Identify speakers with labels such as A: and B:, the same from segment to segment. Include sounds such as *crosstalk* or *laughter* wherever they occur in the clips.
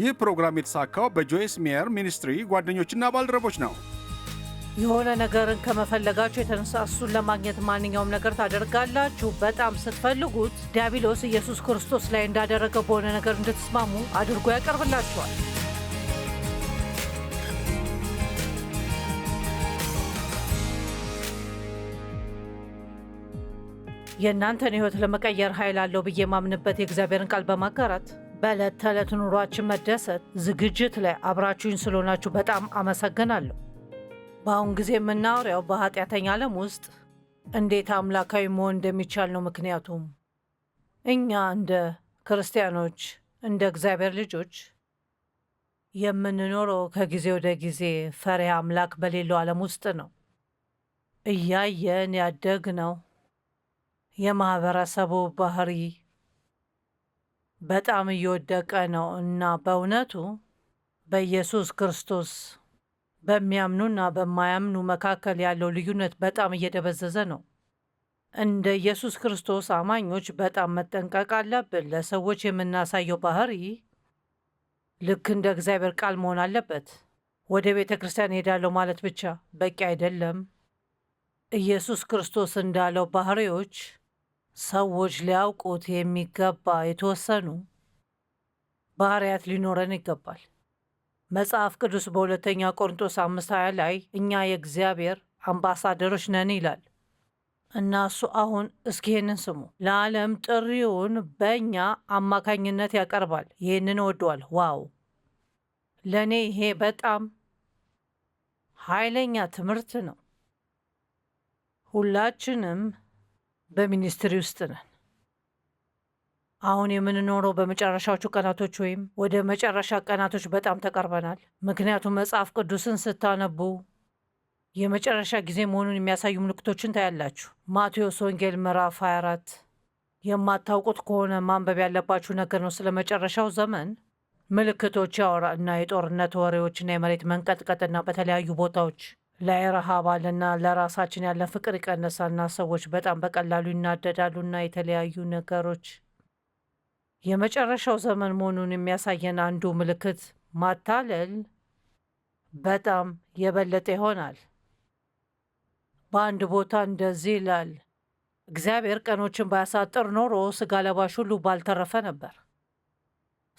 A: ይህ ፕሮግራም የተሳካው በጆይስ ሜየር ሚኒስትሪ ጓደኞችና ባልደረቦች ነው። የሆነ ነገርን ከመፈለጋችሁ የተነሳ እሱን ለማግኘት ማንኛውም ነገር ታደርጋላችሁ። በጣም ስትፈልጉት ዲያብሎስ ኢየሱስ ክርስቶስ ላይ እንዳደረገ በሆነ ነገር እንድትስማሙ አድርጎ ያቀርብላችኋል። የእናንተን ሕይወት ለመቀየር ኃይል አለው ብዬ ማምንበት የእግዚአብሔርን ቃል በማጋራት በዕለት ተዕለት ኑሯችን መደሰት ዝግጅት ላይ አብራችሁኝ ስለሆናችሁ በጣም አመሰግናለሁ። በአሁን ጊዜ የምናወሪያው በኃጢአተኛ ዓለም ውስጥ እንዴት አምላካዊ መሆን እንደሚቻል ነው። ምክንያቱም እኛ እንደ ክርስቲያኖች፣ እንደ እግዚአብሔር ልጆች የምንኖረው ከጊዜ ወደ ጊዜ ፈሪሃ አምላክ በሌለው ዓለም ውስጥ ነው። እያየን ያደግነው የማኅበረሰቡ ባህሪ በጣም እየወደቀ ነው እና በእውነቱ በኢየሱስ ክርስቶስ በሚያምኑና በማያምኑ መካከል ያለው ልዩነት በጣም እየደበዘዘ ነው። እንደ ኢየሱስ ክርስቶስ አማኞች በጣም መጠንቀቅ አለብን። ለሰዎች የምናሳየው ባህሪ ልክ እንደ እግዚአብሔር ቃል መሆን አለበት። ወደ ቤተ ክርስቲያን ሄዳለሁ ማለት ብቻ በቂ አይደለም። ኢየሱስ ክርስቶስ እንዳለው ባህሪዎች ሰዎች ሊያውቁት የሚገባ የተወሰኑ ባህርያት ሊኖረን ይገባል። መጽሐፍ ቅዱስ በሁለተኛ ቆርንጦስ አምስት ሃያ ላይ እኛ የእግዚአብሔር አምባሳደሮች ነን ይላል እና እሱ አሁን እስኪ ይህንን ስሙ። ለዓለም ጥሪውን በእኛ አማካኝነት ያቀርባል። ይህንን ወደዋል። ዋው! ለእኔ ይሄ በጣም ኃይለኛ ትምህርት ነው። ሁላችንም በሚኒስትሪ ውስጥ ነን። አሁን የምንኖረው በመጨረሻዎቹ ቀናቶች ወይም ወደ መጨረሻ ቀናቶች በጣም ተቀርበናል። ምክንያቱም መጽሐፍ ቅዱስን ስታነቡ የመጨረሻ ጊዜ መሆኑን የሚያሳዩ ምልክቶችን ታያላችሁ። ማቴዎስ ወንጌል ምዕራፍ 24 የማታውቁት ከሆነ ማንበብ ያለባችሁ ነገር ነው። ስለ መጨረሻው ዘመን ምልክቶች ያወራ እና የጦርነት ወሬዎችና የመሬት መንቀጥቀጥና በተለያዩ ቦታዎች ለረሃባልና ለራሳችን ያለን ፍቅር ና ሰዎች በጣም በቀላሉ ይናደዳሉና የተለያዩ ነገሮች የመጨረሻው ዘመን መሆኑን የሚያሳየን አንዱ ምልክት ማታለል በጣም የበለጠ ይሆናል። በአንድ ቦታ እንደዚህ ይላል፣ እግዚአብሔር ቀኖችን ባያሳጥር ኖሮ ስጋ ለባሽ ሁሉ ባልተረፈ ነበር።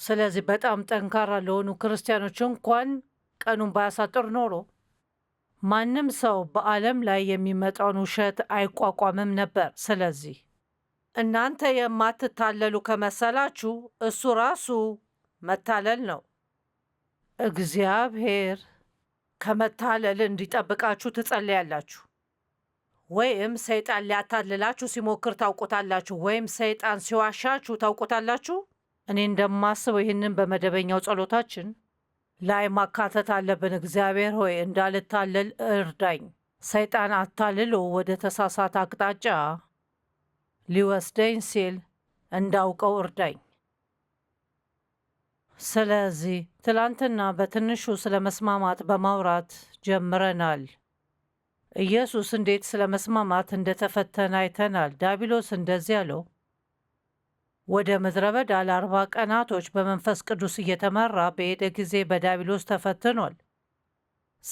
A: ስለዚህ በጣም ጠንካራ ለሆኑ ክርስቲያኖች እንኳን ቀኑን ባያሳጥር ኖሮ ማንም ሰው በዓለም ላይ የሚመጣውን ውሸት አይቋቋምም ነበር። ስለዚህ እናንተ የማትታለሉ ከመሰላችሁ እሱ ራሱ መታለል ነው። እግዚአብሔር ከመታለል እንዲጠብቃችሁ ትጸልያላችሁ። ወይም ሰይጣን ሊያታልላችሁ ሲሞክር ታውቁታላችሁ፣ ወይም ሰይጣን ሲዋሻችሁ ታውቁታላችሁ። እኔ እንደማስበው ይህንን በመደበኛው ጸሎታችን ላይ ማካተት አለብን። እግዚአብሔር ሆይ እንዳልታለል እርዳኝ። ሰይጣን አታልሎ ወደ ተሳሳተ አቅጣጫ ሊወስደኝ ሲል እንዳውቀው እርዳኝ። ስለዚህ ትላንትና በትንሹ ስለ መስማማት በማውራት ጀምረናል። ኢየሱስ እንዴት ስለ መስማማት እንደተፈተነ አይተናል። ዳቢሎስ እንደዚህ አለው ወደ ምድረ በዳ ለአርባ ቀናቶች በመንፈስ ቅዱስ እየተመራ በሄደ ጊዜ በዲያብሎስ ተፈትኗል።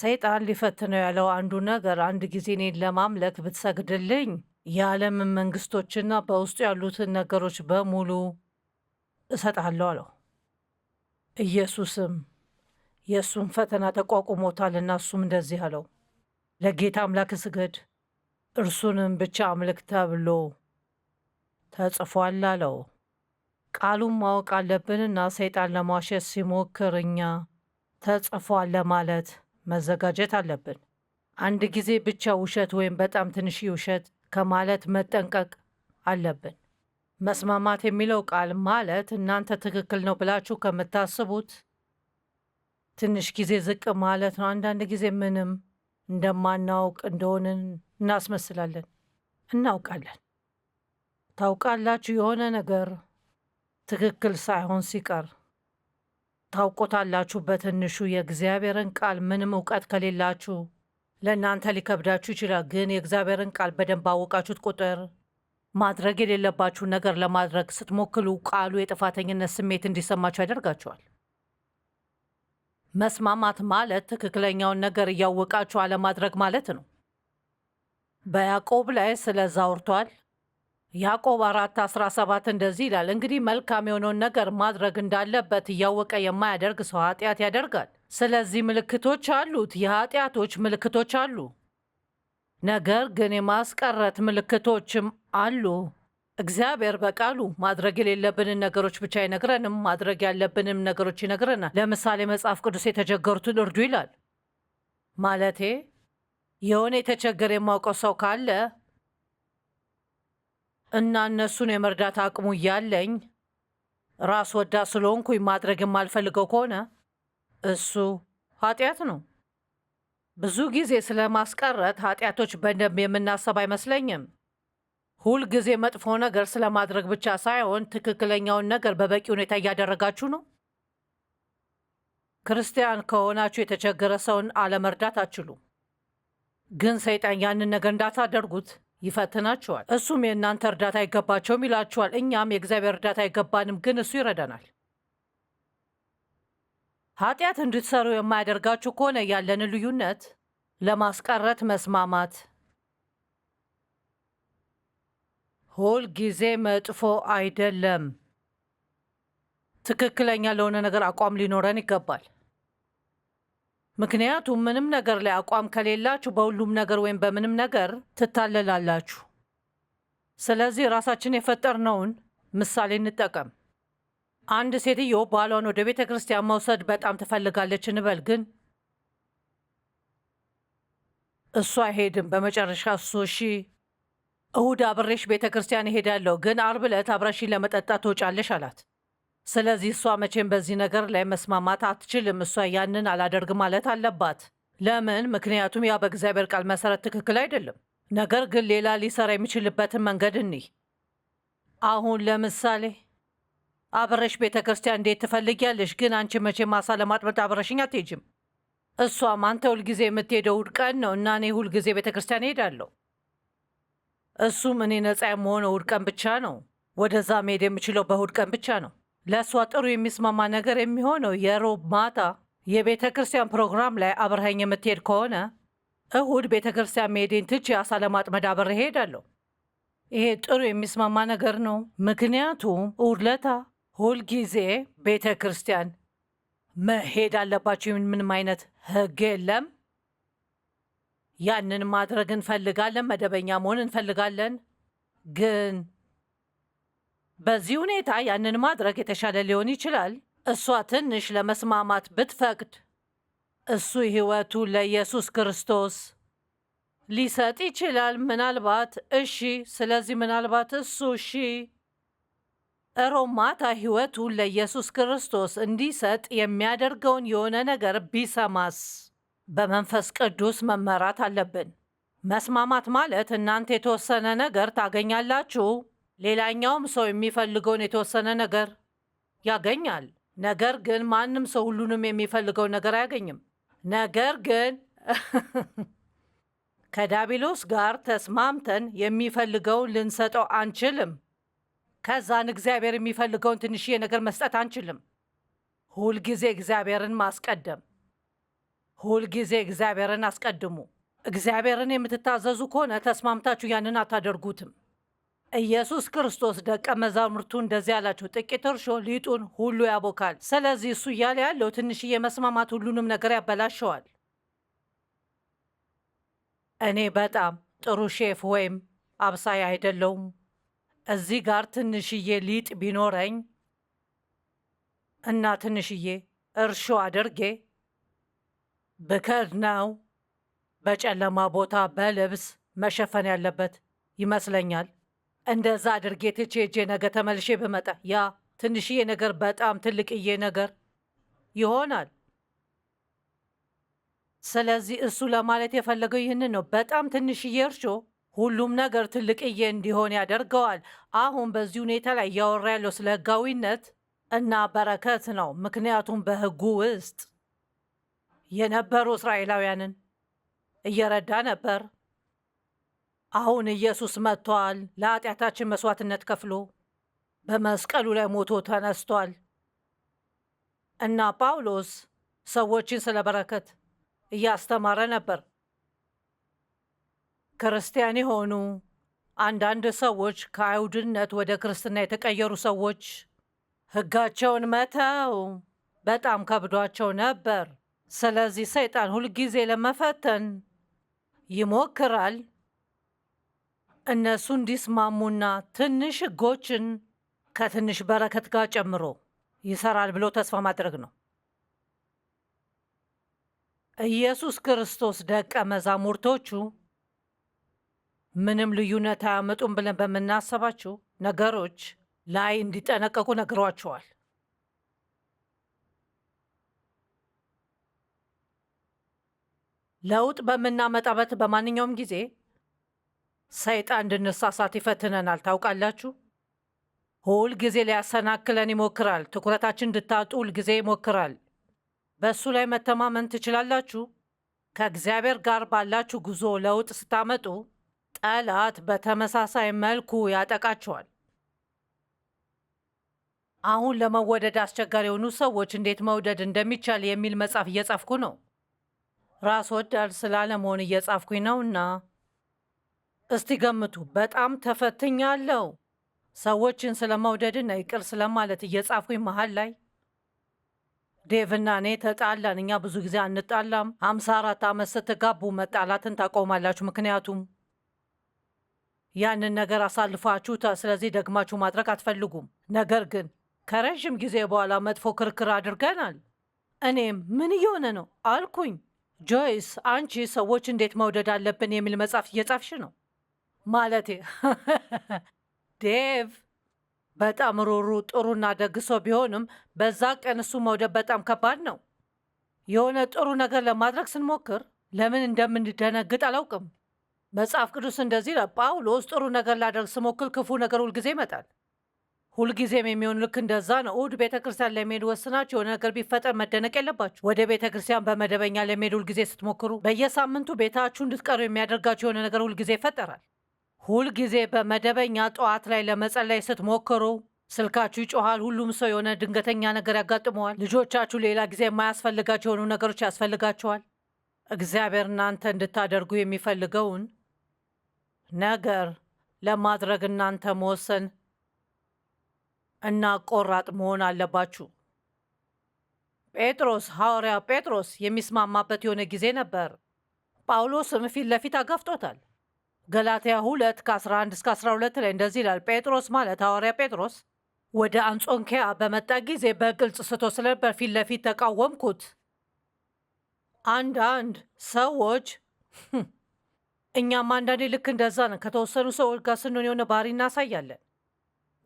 A: ሰይጣን ሊፈትነው ያለው አንዱ ነገር አንድ ጊዜ እኔን ለማምለክ ብትሰግድልኝ የዓለምን መንግስቶችና በውስጡ ያሉትን ነገሮች በሙሉ እሰጣለሁ አለው። ኢየሱስም የእሱን ፈተና ተቋቁሞታልና እሱም እንደዚህ አለው፣ ለጌታ አምላክ ስገድ፣ እርሱንም ብቻ አምልክ ተብሎ ተጽፏል አለው። ቃሉን ማወቅ አለብንና ሰይጣን ለማሸት ሲሞክር እኛ ተጽፏል ለማለት መዘጋጀት አለብን። አንድ ጊዜ ብቻ ውሸት ወይም በጣም ትንሽ ውሸት ከማለት መጠንቀቅ አለብን። መስማማት የሚለው ቃል ማለት እናንተ ትክክል ነው ብላችሁ ከምታስቡት ትንሽ ጊዜ ዝቅ ማለት ነው። አንዳንድ ጊዜ ምንም እንደማናውቅ እንደሆንን እናስመስላለን፣ እናውቃለን። ታውቃላችሁ የሆነ ነገር ትክክል ሳይሆን ሲቀር ታውቆታላችሁ። በትንሹ የእግዚአብሔርን ቃል ምንም እውቀት ከሌላችሁ ለእናንተ ሊከብዳችሁ ይችላል። ግን የእግዚአብሔርን ቃል በደንብ አወቃችሁት ቁጥር ማድረግ የሌለባችሁ ነገር ለማድረግ ስትሞክሉ ቃሉ የጥፋተኝነት ስሜት እንዲሰማችሁ ያደርጋችኋል። መስማማት ማለት ትክክለኛውን ነገር እያወቃችሁ አለማድረግ ማለት ነው። በያዕቆብ ላይ ስለዛ አውርቷል። ያዕቆብ አራት 17 እንደዚህ ይላል፣ እንግዲህ መልካም የሆነውን ነገር ማድረግ እንዳለበት እያወቀ የማያደርግ ሰው ኃጢአት ያደርጋል። ስለዚህ ምልክቶች አሉት፣ የኃጢአቶች ምልክቶች አሉ። ነገር ግን የማስቀረት ምልክቶችም አሉ። እግዚአብሔር በቃሉ ማድረግ የሌለብንን ነገሮች ብቻ አይነግረንም፣ ማድረግ ያለብንም ነገሮች ይነግረናል። ለምሳሌ መጽሐፍ ቅዱስ የተቸገሩትን እርዱ ይላል። ማለቴ የሆነ የተቸገረ የማውቀው ሰው ካለ እና እነሱን የመርዳት አቅሙ እያለኝ ራስ ወዳ ስለሆንኩኝ ማድረግ የማልፈልገው ከሆነ እሱ ኃጢአት ነው። ብዙ ጊዜ ስለ ማስቀረት ኃጢአቶች በደንብ የምናሰብ አይመስለኝም። ሁልጊዜ መጥፎ ነገር ስለማድረግ ብቻ ሳይሆን ትክክለኛውን ነገር በበቂ ሁኔታ እያደረጋችሁ ነው። ክርስቲያን ከሆናችሁ የተቸገረ ሰውን አለመርዳት አትችሉም። ግን ሰይጣን ያንን ነገር እንዳታደርጉት ይፈትናቸዋል። እሱም የእናንተ እርዳታ አይገባቸውም ይላቸዋል። እኛም የእግዚአብሔር እርዳታ አይገባንም፣ ግን እሱ ይረዳናል። ኃጢአት እንድትሰሩ የማያደርጋችሁ ከሆነ ያለን ልዩነት ለማስቀረት መስማማት ሁል ጊዜ መጥፎ አይደለም። ትክክለኛ ለሆነ ነገር አቋም ሊኖረን ይገባል። ምክንያቱም ምንም ነገር ላይ አቋም ከሌላችሁ በሁሉም ነገር ወይም በምንም ነገር ትታለላላችሁ። ስለዚህ ራሳችን የፈጠርነውን ምሳሌ እንጠቀም። አንድ ሴትዮ ባሏን ወደ ቤተ ክርስቲያን መውሰድ በጣም ትፈልጋለች እንበል። ግን እሱ አይሄድም። በመጨረሻ እሱ እሺ፣ እሁድ አብሬሽ ቤተ ክርስቲያን እሄዳለሁ፣ ግን አርብ ዕለት አብረሽኝ ለመጠጣት ትወጫለሽ አላት። ስለዚህ እሷ መቼም በዚህ ነገር ላይ መስማማት አትችልም። እሷ ያንን አላደርግ ማለት አለባት። ለምን? ምክንያቱም ያ በእግዚአብሔር ቃል መሰረት ትክክል አይደለም። ነገር ግን ሌላ ሊሰራ የሚችልበትን መንገድ እኒህ አሁን ለምሳሌ አብረሽ ቤተ ክርስቲያን እንዴት ትፈልጊያለሽ? ግን አንቺ መቼ ማሳ ለማጥመድ አብረሽኝ አትሄጅም። እሷም አንተ ሁልጊዜ የምትሄደው እሑድ ቀን ነው እና እኔ ሁልጊዜ ቤተ ክርስቲያን እሄዳለሁ። እሱም እኔ ነፃ የምሆነው ውድቀን ቀን ብቻ ነው። ወደዛ መሄድ የምችለው በእሑድ ቀን ብቻ ነው። ለእሷ ጥሩ የሚስማማ ነገር የሚሆነው የሮብ ማታ የቤተ ክርስቲያን ፕሮግራም ላይ አብረኸኝ የምትሄድ ከሆነ እሁድ ቤተ ክርስቲያን መሄዴን ትቼ አሳ ለማጥመድ አብሬ እሄዳለሁ። ይሄ ጥሩ የሚስማማ ነገር ነው። ምክንያቱም እሁድ ለታ ሁልጊዜ ቤተ ክርስቲያን መሄድ አለባቸው። ምንም አይነት ህግ የለም። ያንን ማድረግ እንፈልጋለን። መደበኛ መሆን እንፈልጋለን ግን በዚህ ሁኔታ ያንን ማድረግ የተሻለ ሊሆን ይችላል። እሷ ትንሽ ለመስማማት ብትፈቅድ እሱ ሕይወቱ ለኢየሱስ ክርስቶስ ሊሰጥ ይችላል። ምናልባት እሺ። ስለዚህ ምናልባት እሱ እሺ ሮማታ ሕይወቱ ለኢየሱስ ክርስቶስ እንዲሰጥ የሚያደርገውን የሆነ ነገር ቢሰማስ? በመንፈስ ቅዱስ መመራት አለብን። መስማማት ማለት እናንተ የተወሰነ ነገር ታገኛላችሁ ሌላኛውም ሰው የሚፈልገውን የተወሰነ ነገር ያገኛል። ነገር ግን ማንም ሰው ሁሉንም የሚፈልገው ነገር አያገኝም። ነገር ግን *laughs* ከዳቢሎስ ጋር ተስማምተን የሚፈልገውን ልንሰጠው አንችልም። ከዛን እግዚአብሔር የሚፈልገውን ትንሽዬ ነገር መስጠት አንችልም። ሁልጊዜ እግዚአብሔርን ማስቀደም። ሁልጊዜ እግዚአብሔርን አስቀድሙ። እግዚአብሔርን የምትታዘዙ ከሆነ ተስማምታችሁ ያንን አታደርጉትም። ኢየሱስ ክርስቶስ ደቀ መዛሙርቱ እንደዚህ አላቸው፣ ጥቂት እርሾ ሊጡን ሁሉ ያቦካል። ስለዚህ እሱ እያለ ያለው ትንሽዬ መስማማት ሁሉንም ነገር ያበላሸዋል። እኔ በጣም ጥሩ ሼፍ ወይም አብሳይ አይደለውም። እዚህ ጋር ትንሽዬ ሊጥ ቢኖረኝ እና ትንሽዬ እርሾ አድርጌ ብከድነው በጨለማ ቦታ በልብስ መሸፈን ያለበት ይመስለኛል። እንደዛ አድርጌ ትቼ ነገ ተመልሼ ብመጣ ያ ትንሽዬ ነገር በጣም ትልቅዬ ነገር ይሆናል። ስለዚህ እሱ ለማለት የፈለገው ይህንን ነው። በጣም ትንሽዬ እርሾ ሁሉም ነገር ትልቅዬ እንዲሆን ያደርገዋል። አሁን በዚህ ሁኔታ ላይ እያወራ ያለው ስለ ህጋዊነት እና በረከት ነው። ምክንያቱም በህጉ ውስጥ የነበሩ እስራኤላውያንን እየረዳ ነበር። አሁን ኢየሱስ መጥቷል። ለኃጢአታችን መሥዋዕትነት ከፍሎ በመስቀሉ ላይ ሞቶ ተነስቷል እና ጳውሎስ ሰዎችን ስለ በረከት እያስተማረ ነበር። ክርስቲያን የሆኑ አንዳንድ ሰዎች ከአይሁድነት ወደ ክርስትና የተቀየሩ ሰዎች ሕጋቸውን መተው በጣም ከብዷቸው ነበር። ስለዚህ ሰይጣን ሁልጊዜ ለመፈተን ይሞክራል። እነሱ እንዲስማሙና ትንሽ ህጎችን ከትንሽ በረከት ጋር ጨምሮ ይሰራል ብሎ ተስፋ ማድረግ ነው። ኢየሱስ ክርስቶስ ደቀ መዛሙርቶቹ ምንም ልዩነት አያመጡም ብለን በምናስባቸው ነገሮች ላይ እንዲጠነቀቁ ነግሯቸዋል። ለውጥ በምናመጣበት በማንኛውም ጊዜ ሰይጣን እንድንሳሳት ይፈትነናል። ታውቃላችሁ፣ ሁል ጊዜ ሊያሰናክለን ይሞክራል። ትኩረታችን እንድታጡ ሁል ጊዜ ይሞክራል። በእሱ ላይ መተማመን ትችላላችሁ። ከእግዚአብሔር ጋር ባላችሁ ጉዞ ለውጥ ስታመጡ ጠላት በተመሳሳይ መልኩ ያጠቃቸዋል። አሁን ለመወደድ አስቸጋሪ የሆኑ ሰዎች እንዴት መውደድ እንደሚቻል የሚል መጽሐፍ እየጻፍኩ ነው። ራስ ወዳድ ስላለመሆን እየጻፍኩኝ ነውና እስቲ ገምቱ። በጣም ተፈትኛለሁ። ሰዎችን ስለመውደድና ይቅር ስለማለት እየጻፉኝ መሀል ላይ ዴቭና እኔ ተጣላን። እኛ ብዙ ጊዜ አንጣላም። ሀምሳ አራት ዓመት ስትጋቡ መጣላትን ታቆማላችሁ። ምክንያቱም ያንን ነገር አሳልፋችሁታ። ስለዚህ ደግማችሁ ማድረግ አትፈልጉም። ነገር ግን ከረዥም ጊዜ በኋላ መጥፎ ክርክር አድርገናል። እኔም ምን እየሆነ ነው አልኩኝ። ጆይስ አንቺ ሰዎች እንዴት መውደድ አለብን የሚል መጽሐፍ እየጻፍሽ ነው ማለቴ ዴቭ በጣም ሩሩ ጥሩና ደግሶ ቢሆንም በዛ ቀን እሱ መውደብ በጣም ከባድ ነው። የሆነ ጥሩ ነገር ለማድረግ ስንሞክር ለምን እንደምንደነግጥ አላውቅም። መጽሐፍ ቅዱስ እንደዚህ ይላል፣ ጳውሎስ ጥሩ ነገር ላደርግ ስሞክር ክፉ ነገር ሁልጊዜ ይመጣል። ሁልጊዜም የሚሆን ልክ እንደዛ ነው። እሑድ ቤተ ክርስቲያን ለመሄድ ወስናችሁ የሆነ ነገር ቢፈጠር መደነቅ የለባችሁ። ወደ ቤተ ክርስቲያን በመደበኛ ለመሄድ ሁልጊዜ ስትሞክሩ፣ በየሳምንቱ ቤታችሁ እንድትቀሩ የሚያደርጋችሁ የሆነ ነገር ሁልጊዜ ይፈጠራል። ሁልጊዜ በመደበኛ ጠዋት ላይ ለመጸለይ ስትሞክሩ ስልካችሁ ይጮኋል። ሁሉም ሰው የሆነ ድንገተኛ ነገር ያጋጥመዋል። ልጆቻችሁ ሌላ ጊዜ የማያስፈልጋቸው የሆኑ ነገሮች ያስፈልጋቸዋል። እግዚአብሔር እናንተ እንድታደርጉ የሚፈልገውን ነገር ለማድረግ እናንተ መወሰን እና ቆራጥ መሆን አለባችሁ። ጴጥሮስ ሐዋርያ ጴጥሮስ የሚስማማበት የሆነ ጊዜ ነበር። ጳውሎስም ፊት ለፊት አጋፍጦታል። ገላትያ 2 ከ11 እስከ 12 ላይ እንደዚህ ይላል። ጴጥሮስ ማለት ሐዋርያ ጴጥሮስ ወደ አንጾንኪያ በመጣ ጊዜ በግልጽ ስቶ ስለነበር ፊት ለፊት ተቃወምኩት። አንዳንድ ሰዎች *laughs* እኛም አንዳንዴ ልክ እንደዛ ነን። ከተወሰኑ ሰዎች ጋር ስንሆን የሆነ ባህሪ እናሳያለን፣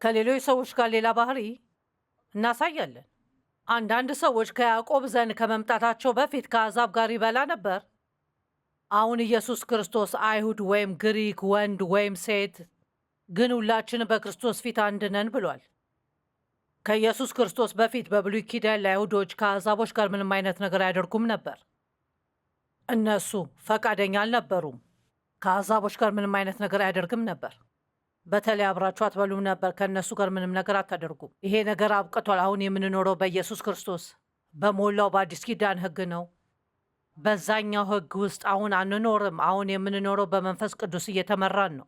A: ከሌሎች ሰዎች ጋር ሌላ ባህሪ እናሳያለን። አንዳንድ ሰዎች ከያዕቆብ ዘንድ ከመምጣታቸው በፊት ከአሕዛብ ጋር ይበላ ነበር። አሁን ኢየሱስ ክርስቶስ አይሁድ ወይም ግሪክ፣ ወንድ ወይም ሴት፣ ግን ሁላችን በክርስቶስ ፊት አንድ ነን ብሏል። ከኢየሱስ ክርስቶስ በፊት በብሉይ ኪዳን ለአይሁዶች ከአሕዛቦች ጋር ምንም አይነት ነገር አያደርጉም ነበር። እነሱ ፈቃደኛ አልነበሩም። ከአሕዛቦች ጋር ምንም አይነት ነገር አያደርግም ነበር። በተለይ አብራችሁ አትበሉም ነበር። ከእነሱ ጋር ምንም ነገር አታደርጉም። ይሄ ነገር አብቅቷል። አሁን የምንኖረው በኢየሱስ ክርስቶስ በሞላው በአዲስ ኪዳን ሕግ ነው። በዛኛው ህግ ውስጥ አሁን አንኖርም። አሁን የምንኖረው በመንፈስ ቅዱስ እየተመራን ነው።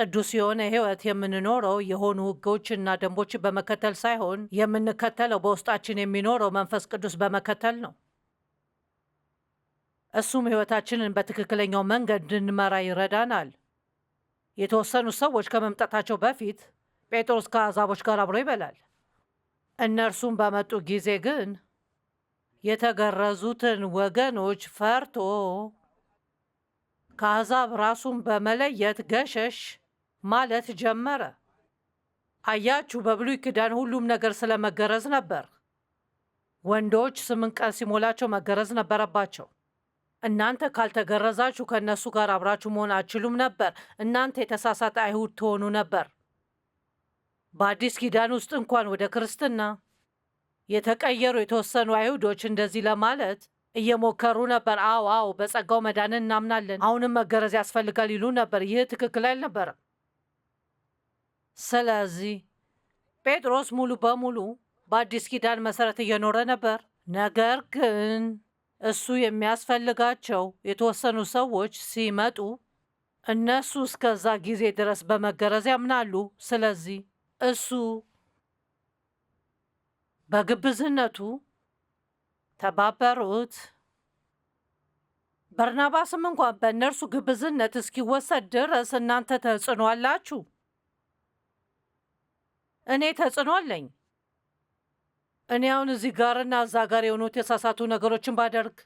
A: ቅዱስ የሆነ ህይወት የምንኖረው የሆኑ ህጎችና ደንቦች በመከተል ሳይሆን የምንከተለው በውስጣችን የሚኖረው መንፈስ ቅዱስ በመከተል ነው። እሱም ህይወታችንን በትክክለኛው መንገድ እንድንመራ ይረዳናል። የተወሰኑ ሰዎች ከመምጣታቸው በፊት ጴጥሮስ ከአሕዛቦች ጋር አብሮ ይበላል። እነርሱም በመጡ ጊዜ ግን የተገረዙትን ወገኖች ፈርቶ ከአሕዛብ ራሱን በመለየት ገሸሽ ማለት ጀመረ። አያችሁ፣ በብሉይ ኪዳን ሁሉም ነገር ስለ መገረዝ ነበር። ወንዶች ስምንት ቀን ሲሞላቸው መገረዝ ነበረባቸው። እናንተ ካልተገረዛችሁ ከእነሱ ጋር አብራችሁ መሆን አይችሉም ነበር። እናንተ የተሳሳተ አይሁድ ትሆኑ ነበር። በአዲስ ኪዳን ውስጥ እንኳን ወደ ክርስትና የተቀየሩ የተወሰኑ አይሁዶች እንደዚህ ለማለት እየሞከሩ ነበር። አዎ አዎ፣ በጸጋው መዳንን እናምናለን፣ አሁንም መገረዝ ያስፈልጋል ይሉ ነበር። ይህ ትክክል አልነበረም። ስለዚህ ጴጥሮስ ሙሉ በሙሉ በአዲስ ኪዳን መሰረት እየኖረ ነበር። ነገር ግን እሱ የሚያስፈልጋቸው የተወሰኑ ሰዎች ሲመጡ እነሱ እስከዛ ጊዜ ድረስ በመገረዝ ያምናሉ። ስለዚህ እሱ በግብዝነቱ ተባበሩት። በርናባስም እንኳን በእነርሱ ግብዝነት እስኪወሰድ ድረስ እናንተ ተጽዕኖ አላችሁ። እኔ ተጽዕኖ አለኝ። እኔ አሁን እዚህ ጋርና እዛ ጋር የሆኑት የሳሳቱ ነገሮችን ባደርግ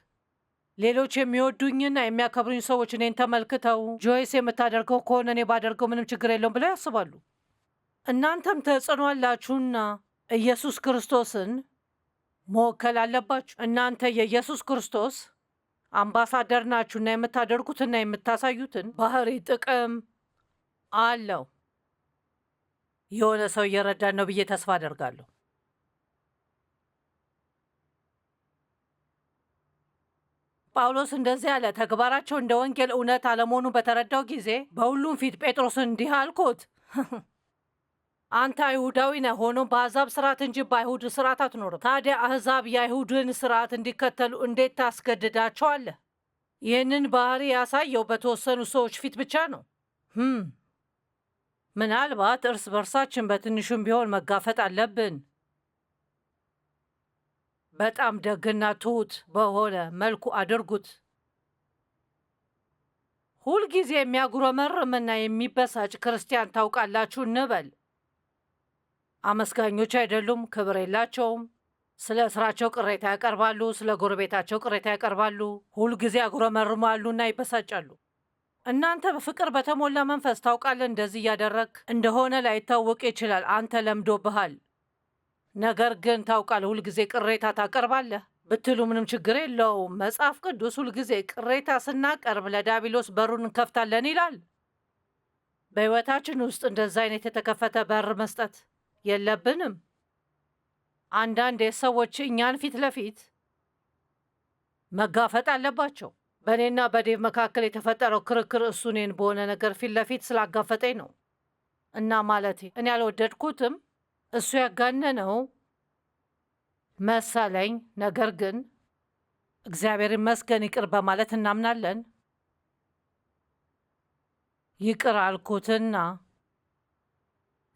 A: ሌሎች የሚወዱኝና የሚያከብሩኝ ሰዎች እኔን ተመልክተው ጆይስ የምታደርገው ከሆነ እኔ ባደርገው ምንም ችግር የለውም ብለው ያስባሉ። እናንተም ተጽዕኖ አላችሁና ኢየሱስ ክርስቶስን መወከል አለባችሁ። እናንተ የኢየሱስ ክርስቶስ አምባሳደር ናችሁና የምታደርጉትና የምታሳዩትን ባህሪ ጥቅም አለው። የሆነ ሰው እየረዳን ነው ብዬ ተስፋ አደርጋለሁ። ጳውሎስ እንደዚህ አለ፣ ተግባራቸው እንደ ወንጌል እውነት አለመሆኑ በተረዳው ጊዜ በሁሉም ፊት ጴጥሮስን እንዲህ አልኩት አንተ አይሁዳዊ ነህ፣ ሆኖም በአሕዛብ ስርዓት እንጂ በአይሁድ ስርዓት አትኖርም። ታዲያ አሕዛብ የአይሁድን ስርዓት እንዲከተሉ እንዴት ታስገድዳቸዋለህ? ይህንን ባህሪ ያሳየው በተወሰኑ ሰዎች ፊት ብቻ ነው። ምናልባት እርስ በርሳችን በትንሹም ቢሆን መጋፈጥ አለብን። በጣም ደግና ትሁት በሆነ መልኩ አድርጉት። ሁልጊዜ የሚያጉረመርምና የሚበሳጭ ክርስቲያን ታውቃላችሁ እንበል። አመስጋኞች አይደሉም፣ ክብር የላቸውም። ስለ ስራቸው ቅሬታ ያቀርባሉ፣ ስለ ጎረቤታቸው ቅሬታ ያቀርባሉ፣ ሁልጊዜ ያጉረመርማሉና ይበሳጫሉ። እናንተ በፍቅር በተሞላ መንፈስ ታውቃለህ፣ እንደዚህ እያደረግ እንደሆነ ላይታወቅ ይችላል። አንተ ለምዶብሃል። ነገር ግን ታውቃለህ፣ ሁልጊዜ ቅሬታ ታቀርባለህ ብትሉ ምንም ችግር የለውም። መጽሐፍ ቅዱስ ሁልጊዜ ቅሬታ ስናቀርብ ለዳቢሎስ በሩን እንከፍታለን ይላል። በሕይወታችን ውስጥ እንደዚ አይነት የተከፈተ በር መስጠት የለብንም። አንዳንድ ሰዎች እኛን ፊት ለፊት መጋፈጥ አለባቸው። በእኔና በዴቭ መካከል የተፈጠረው ክርክር እሱ እኔን በሆነ ነገር ፊት ለፊት ስላጋፈጠኝ ነው። እና ማለቴ እኔ ያልወደድኩትም እሱ ያጋነነው መሰለኝ። ነገር ግን እግዚአብሔር ይመስገን ይቅር በማለት እናምናለን። ይቅር አልኩትና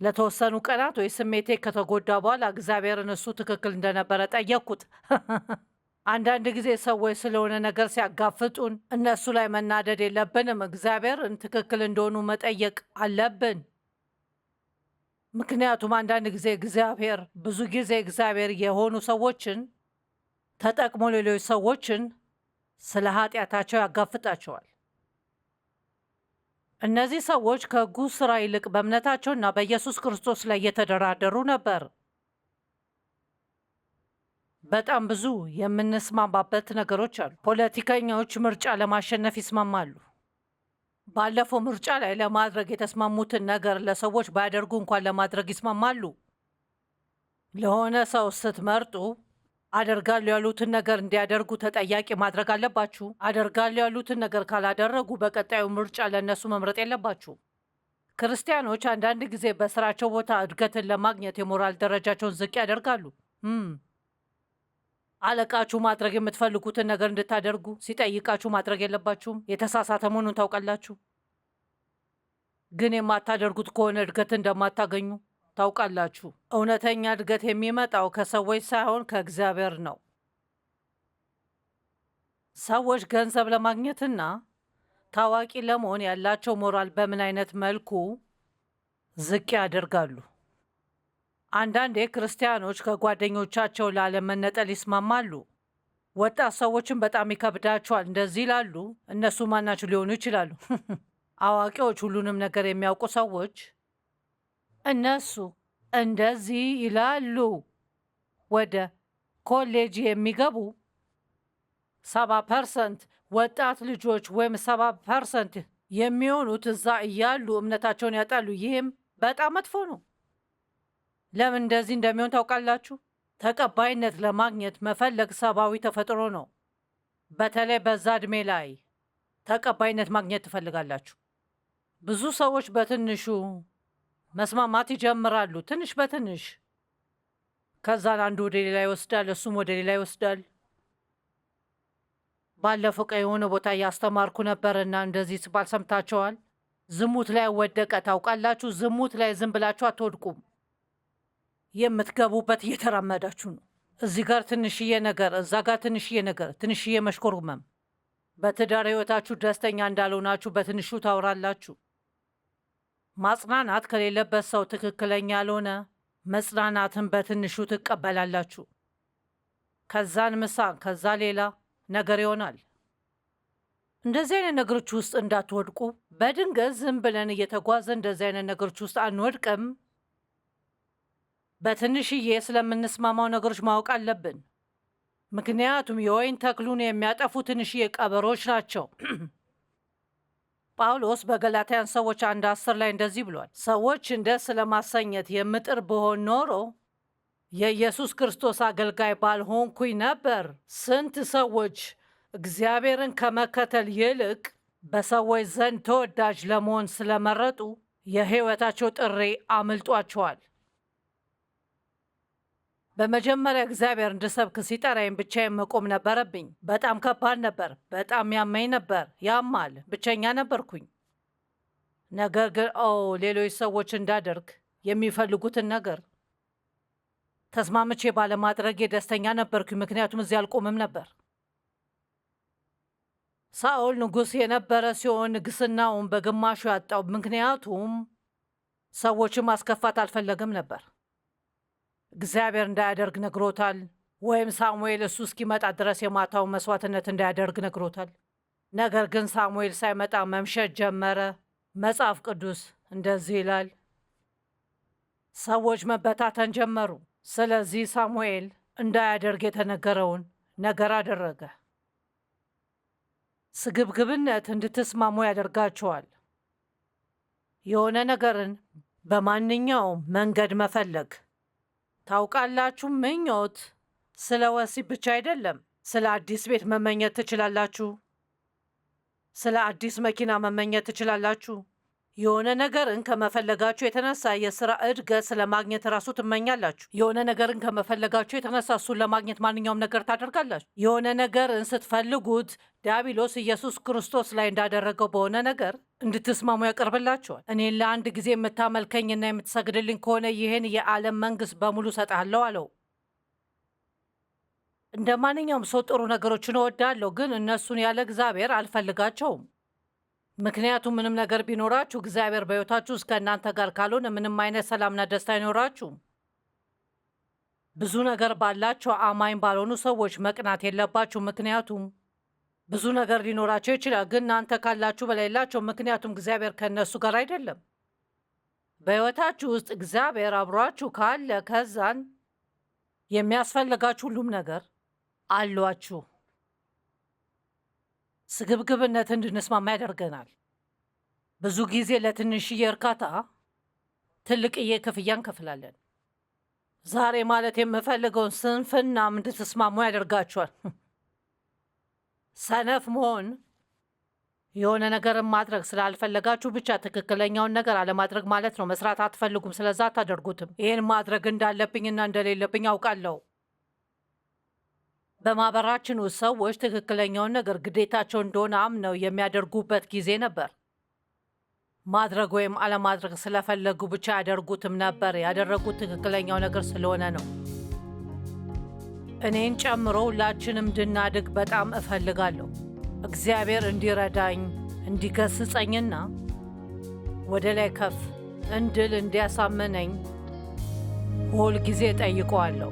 A: ለተወሰኑ ቀናት ወይ ስሜቴ ከተጎዳ በኋላ እግዚአብሔርን እሱ ትክክል እንደነበረ ጠየቅኩት። *laughs* አንዳንድ ጊዜ ሰዎች ስለሆነ ነገር ሲያጋፍጡን እነሱ ላይ መናደድ የለብንም፣ እግዚአብሔርን ትክክል እንደሆኑ መጠየቅ አለብን። ምክንያቱም አንዳንድ ጊዜ እግዚአብሔር ብዙ ጊዜ እግዚአብሔር የሆኑ ሰዎችን ተጠቅሞ ሌሎች ሰዎችን ስለ ኃጢአታቸው ያጋፍጣቸዋል። እነዚህ ሰዎች ከሕጉ ሥራ ይልቅ በእምነታቸውና በኢየሱስ ክርስቶስ ላይ የተደራደሩ ነበር። በጣም ብዙ የምንስማማበት ነገሮች አሉ። ፖለቲከኛዎች ምርጫ ለማሸነፍ ይስማማሉ። ባለፈው ምርጫ ላይ ለማድረግ የተስማሙትን ነገር ለሰዎች ባያደርጉ እንኳን ለማድረግ ይስማማሉ። ለሆነ ሰው ስትመርጡ አደርጋለሁ ያሉትን ነገር እንዲያደርጉ ተጠያቂ ማድረግ አለባችሁ። አደርጋለሁ ያሉትን ነገር ካላደረጉ በቀጣዩ ምርጫ ለእነሱ መምረጥ የለባችሁ። ክርስቲያኖች አንዳንድ ጊዜ በስራቸው ቦታ እድገትን ለማግኘት የሞራል ደረጃቸውን ዝቅ ያደርጋሉ። አለቃችሁ ማድረግ የምትፈልጉትን ነገር እንድታደርጉ ሲጠይቃችሁ ማድረግ የለባችሁም። የተሳሳተ መሆኑን ታውቃላችሁ፣ ግን የማታደርጉት ከሆነ እድገት እንደማታገኙ ታውቃላችሁ፣ እውነተኛ እድገት የሚመጣው ከሰዎች ሳይሆን ከእግዚአብሔር ነው። ሰዎች ገንዘብ ለማግኘትና ታዋቂ ለመሆን ያላቸው ሞራል በምን አይነት መልኩ ዝቅ ያደርጋሉ? አንዳንዴ ክርስቲያኖች ከጓደኞቻቸው ላለመነጠል ይስማማሉ። ወጣት ሰዎችን በጣም ይከብዳቸዋል። እንደዚህ ይላሉ፣ እነሱ ማናቸው ሊሆኑ ይችላሉ። *laughs* አዋቂዎች፣ ሁሉንም ነገር የሚያውቁ ሰዎች እነሱ እንደዚህ ይላሉ። ወደ ኮሌጅ የሚገቡ ሰባ ፐርሰንት ወጣት ልጆች ወይም ሰባ ፐርሰንት የሚሆኑት እዛ እያሉ እምነታቸውን ያጣሉ። ይህም በጣም መጥፎ ነው። ለምን እንደዚህ እንደሚሆን ታውቃላችሁ? ተቀባይነት ለማግኘት መፈለግ ሰብአዊ ተፈጥሮ ነው። በተለይ በዛ ዕድሜ ላይ ተቀባይነት ማግኘት ትፈልጋላችሁ። ብዙ ሰዎች በትንሹ መስማማት ይጀምራሉ ትንሽ በትንሽ ከዛን አንዱ ወደ ሌላ ይወስዳል፣ እሱም ወደ ሌላ ይወስዳል። ባለፈው ቀ የሆነ ቦታ እያስተማርኩ ነበርና እንደዚህ ስባል ሰምታቸዋል። ዝሙት ላይ ወደቀ ታውቃላችሁ። ዝሙት ላይ ዝም ብላችሁ አትወድቁም። የምትገቡበት እየተራመዳችሁ ነው። እዚህ ጋር ትንሽዬ ነገር፣ እዛ ጋር ትንሽዬ ነገር፣ ትንሽዬ መሽኮርመም። በትዳር ህይወታችሁ ደስተኛ እንዳልሆናችሁ በትንሹ ታውራላችሁ። ማጽናናት ከሌለበት ሰው ትክክለኛ ያልሆነ መጽናናትን በትንሹ ትቀበላላችሁ። ከዛን ምሳን፣ ከዛ ሌላ ነገር ይሆናል። እንደዚህ አይነት ነገሮች ውስጥ እንዳትወድቁ። በድንገት ዝም ብለን እየተጓዘ እንደዚህ አይነት ነገሮች ውስጥ አንወድቅም። በትንሽዬ ስለምንስማማው ነገሮች ማወቅ አለብን። ምክንያቱም የወይን ተክሉን የሚያጠፉ ትንሽዬ ቀበሮች ናቸው። *clears throat* ጳውሎስ በገላትያን ሰዎች አንድ አስር ላይ እንደዚህ ብሏል፣ ሰዎችን ደስ ለማሰኘት የምጥር ብሆን ኖሮ የኢየሱስ ክርስቶስ አገልጋይ ባልሆንኩኝ ነበር። ስንት ሰዎች እግዚአብሔርን ከመከተል ይልቅ በሰዎች ዘንድ ተወዳጅ ለመሆን ስለመረጡ የሕይወታቸው ጥሪ አምልጧቸዋል። በመጀመሪያ እግዚአብሔር እንድሰብክ ሲጠራይም ብቻዬን መቆም ነበረብኝ። በጣም ከባድ ነበር። በጣም ያመኝ ነበር። ያማል። ብቸኛ ነበርኩኝ። ነገር ግን ኦ ሌሎች ሰዎች እንዳደርግ የሚፈልጉትን ነገር ተስማምቼ ባለማድረጌ ደስተኛ ነበርኩኝ፣ ምክንያቱም እዚ አልቆምም ነበር። ሳኦል ንጉሥ የነበረ ሲሆን ንግስናውን በግማሹ ያጣው፣ ምክንያቱም ሰዎችን ማስከፋት አልፈለገም ነበር። እግዚአብሔር እንዳያደርግ ነግሮታል። ወይም ሳሙኤል እሱ እስኪመጣ ድረስ የማታውን መስዋዕትነት እንዳያደርግ ነግሮታል። ነገር ግን ሳሙኤል ሳይመጣ መምሸት ጀመረ። መጽሐፍ ቅዱስ እንደዚህ ይላል፣ ሰዎች መበታተን ጀመሩ። ስለዚህ ሳሙኤል እንዳያደርግ የተነገረውን ነገር አደረገ። ስግብግብነት እንድትስማሙ ያደርጋቸዋል። የሆነ ነገርን በማንኛውም መንገድ መፈለግ ታውቃላችሁ፣ ምኞት ስለ ወሲብ ብቻ አይደለም። ስለ አዲስ ቤት መመኘት ትችላላችሁ። ስለ አዲስ መኪና መመኘት ትችላላችሁ። የሆነ ነገርን ከመፈለጋችሁ የተነሳ የስራ እድገት ስለማግኘት ራሱ ትመኛላችሁ። የሆነ ነገርን ከመፈለጋችሁ የተነሳ እሱን ለማግኘት ማንኛውም ነገር ታደርጋላችሁ። የሆነ ነገርን ስትፈልጉት ዲያብሎስ ኢየሱስ ክርስቶስ ላይ እንዳደረገው በሆነ ነገር እንድትስማሙ ያቀርብላቸዋል። እኔን ለአንድ ጊዜ የምታመልከኝና የምትሰግድልኝ ከሆነ ይህን የዓለም መንግስት በሙሉ እሰጥሃለሁ አለው። እንደ ማንኛውም ሰው ጥሩ ነገሮችን እወዳለሁ፣ ግን እነሱን ያለ እግዚአብሔር አልፈልጋቸውም። ምክንያቱም ምንም ነገር ቢኖራችሁ እግዚአብሔር በሕይወታችሁ እስከ እናንተ ጋር ካልሆነ ምንም አይነት ሰላምና ደስታ አይኖራችሁም። ብዙ ነገር ባላቸው አማኝ ባልሆኑ ሰዎች መቅናት የለባችሁ። ምክንያቱም ብዙ ነገር ሊኖራቸው ይችላል፣ ግን እናንተ ካላችሁ በላይ ምክንያቱም እግዚአብሔር ከእነሱ ጋር አይደለም። በሕይወታችሁ ውስጥ እግዚአብሔር አብሯችሁ ካለ ከዛን የሚያስፈልጋችሁ ሁሉም ነገር አሏችሁ። ስግብግብነት እንድንስማማ ያደርገናል። ብዙ ጊዜ ለትንሽዬ እርካታ ትልቅዬ ክፍያ እንከፍላለን። ዛሬ ማለት የምፈልገውን ስንፍና እንድትስማሙ ያደርጋችኋል። ሰነፍ መሆን የሆነ ነገርን ማድረግ ስላልፈለጋችሁ ብቻ ትክክለኛውን ነገር አለማድረግ ማለት ነው። መስራት አትፈልጉም፣ ስለዛ አታደርጉትም። ይህን ማድረግ እንዳለብኝና እንደሌለብኝ አውቃለሁ። በማህበራችን ውስጥ ሰዎች ትክክለኛውን ነገር ግዴታቸው እንደሆነ አምነው የሚያደርጉበት ጊዜ ነበር። ማድረግ ወይም አለማድረግ ስለፈለጉ ብቻ ያደርጉትም ነበር። ያደረጉት ትክክለኛው ነገር ስለሆነ ነው። እኔን ጨምሮ ሁላችንም እንድናድግ በጣም እፈልጋለሁ። እግዚአብሔር እንዲረዳኝ እንዲገስጸኝና ወደ ላይ ከፍ እንድል እንዲያሳምነኝ ሁል ጊዜ ጠይቀዋለሁ።